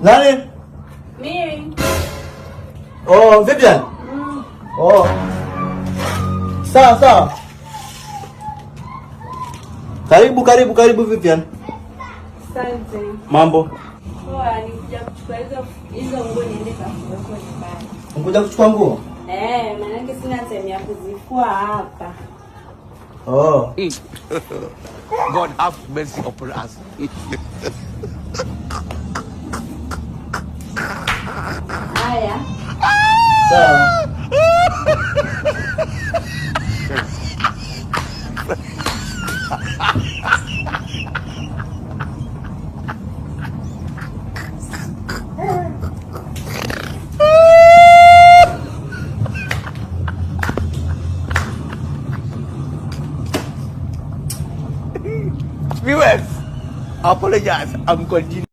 Nani? Mimi. Oh, Vivian. Mm. Oh. Sawa sawa. Karibu karibu karibu Vivian. Asante. Mambo. Poa, nikuja kuchukua hizo hizo nguo niende kafua kwa nyumbani. Nikuja kuchukua nguo? Eh, maana yake sina time ya kuzifua hapa. Oh. God have mercy upon us. Kaya? So, viewers, apologize. I'm continuing.